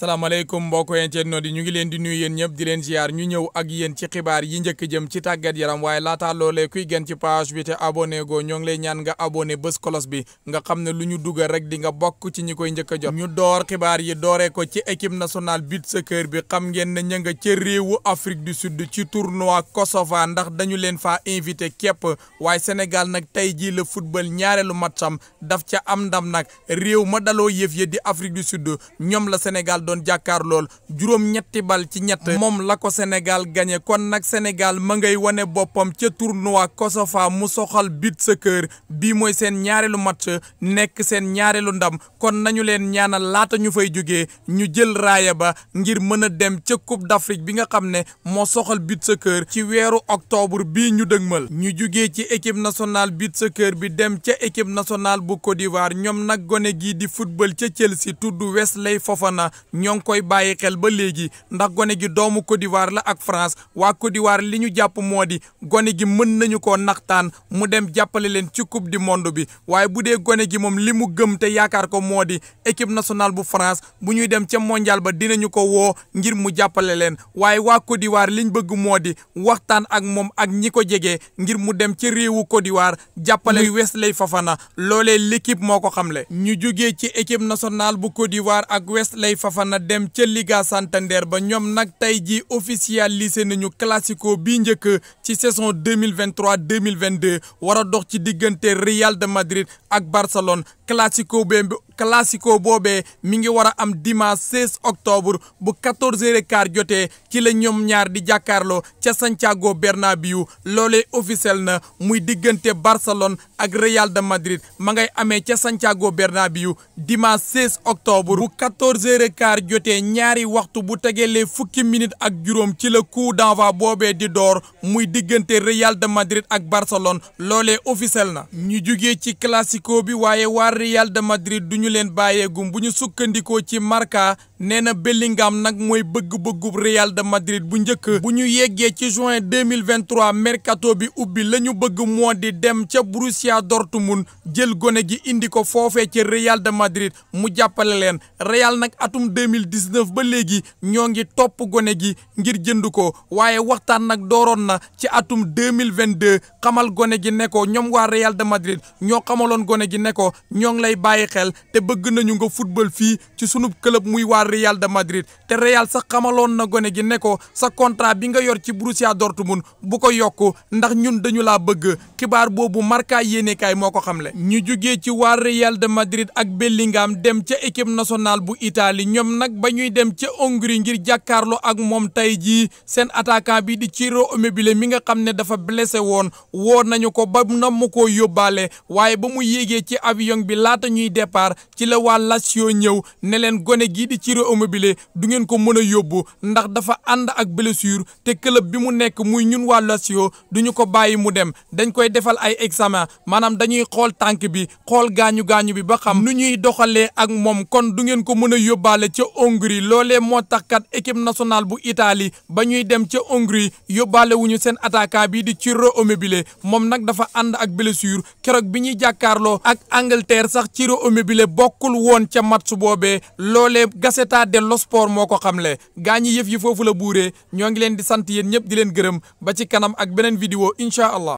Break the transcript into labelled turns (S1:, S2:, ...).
S1: salaamaaleykum mbokk internautes yi ñu ngi leen di nuyu yéen ñëpp di leen ziar ñu ñëw ak yéen ci xibaar yi njëkk jëm ci tàggat yaram waaye laataa loolee kuy gën ci page bi te abonné go ñoo ngi lay ñaan nga abonné bés kolos bi nga xam ne lu ñu dugal rek di nga bokk ci ñi koy njëkk a ñu door xibaar yi dooree ko ci équipe nationale beach soccer bi xam ngeen ne ña nga ca réewu Afrique du Sud ci tournoi Kosova ndax dañu leen faa invité képp waaye Sénégal nag tey jii la football ñaareelu matcham daf ca am ndam nag réew ma daloo yëf ya di Afrique du Sud ñoom la Sénégal doon jàkkaar lool juróom-ñetti bal ci ñett moom la ko Sénégal gagné kon nag Sénégal ma ngay wane boppam ca tournoi Kosofa mu soxal bit sa kër bii mooy seen ñaareelu match nekk seen ñaareelu ndam kon nañu leen ñaanal laata ñu fay jógee ñu jël raaya ba ngir mën a dem ca Coupe d'Afrique bi nga xam ne moo soxal bit sa kër ci weeru octobre bii ñu dëgmal ñu jugee ci équipe national but sa kër bi dem ca équipe national bu Côte d'Ivoire ñoom nag gone gii di football ca Chelsea tudd Wesley Fofana ñoo ngi koy bàyyi xel ba léegi ndax gone gi doomu codiwar la ak France waa codiwar li ñu jàpp moo di gone gi mën nañu koo naxtaan mu dem jàppale leen ci coupe du monde bi waaye bu dee gone gi moom li mu gëm te yaakaar ko moo di équipe national bu France bu ñuy dem ca mondial ba dinañu ko woo ngir mu jàppale leen waaye waa Côte d'Ivoire liñ bëgg moo di waxtaan ak moom ak ñi ko jege ngir mu dem ci réewu jàppale d'Ivoire lay Wesley Fofana loole l'équipe moo ko xamle ñu jugee ci équipe nationale bu Côte ak Wesley mën a dem ca Liga Santander ba ñoom nag tey ji officialisé nañu classico bi njëkk ci saison 2023 2022 war a dox ci diggante Real de Madrid ak Barcelone classico bi classico boobee mi ngi war a am dimanche 16 octobre bu 14h15 jotee ci la ñoom ñaar di jàkkaarloo ca Santiago Bernabéu loolee officiel na muy diggante Barcelone ak Real de Madrid ma ngay amee ca Santiago Bernabéu dimanche 16 octobre bu 14h15 jotee ñaari waxtu bu tegelee fukki minutes ak juróom ci la coup d'envoi boobee di door muy diggante Real de Madrid ak Barcelone loolee officiel na ñu jugee ci classico bi waaye waa Real de ñu leen bàyyeegum bu ñu sukkandikoo ci marka nee na Bellingham nag mooy bëgg-bëggub Real de Madrid bu njëkk bu ñu yeggee ci juin 2023 mercato bi ubbi la ñu bëgg moo di dem ca dortu mun jël gone gi indi ko foofee ci Real de Madrid mu jàppale leen Real nag atum 2019 ba léegi ñoo ngi topp gone gi ngir jënd ko waaye waxtaan nag dooroon na ci atum 2022 xamal gone gi ne ko ñoom waa Real de Madrid ñoo xamaloon gone gi ne ko ñoo ngi lay bàyyi xel te bëgg nañu nga football fii ci sunub club muy waa Real de Madrid te Real sax xamaloon na gone gi ne ko sa contrat bi nga yor ci Borussia Dortmund bu ko yokk ndax ñun dañu laa bëgg xibaar boobu Marca yéenekaay moo ko xam xamle. ñu jugee ci waa Real de Madrid ak Bellingham dem ca équipe nationale bu Italie ñoom nag ba ñuy dem ca Hongrie ngir jàkkaarloo ak moom tey jii seen attaquant bi di Ciro Immobile mi nga xam ne dafa blessé woon woo nañu ko ba namm ko yóbbaale waaye ba mu yéegee ci avion bi laata ñuy départ ci la waa sécurité immobilier du ngeen ko mën a yóbbu ndax dafa ànd ak blessure te club bi mu nekk muy ñun waa Lazio du ñu ko bàyyi mu dem dañ koy defal ay examen maanaam dañuy xool tànk bi xool gaañu gaañu bi ba xam nu ñuy doxalee ak moom kon du ngeen ko mën a yóbbaale ca Hongrie loole moo tax kat équipe nationale bu itali ba ñuy dem ca Hongrie yóbbaalewuñu wu ñu seen attaquant bi di Ciro Immobile moom nag dafa ànd ak blessure keroog bi ñuy jàkkaarloo ak Angleterre sax Ciro Immobile bokkul woon ca match boobee état dello sport moo ko xamle gaa ñi yëf yi foofu la buuree ñoo ngi leen di sant yéen ñëpp di leen gërëm ba ci kanam ak beneen vidéo incha allah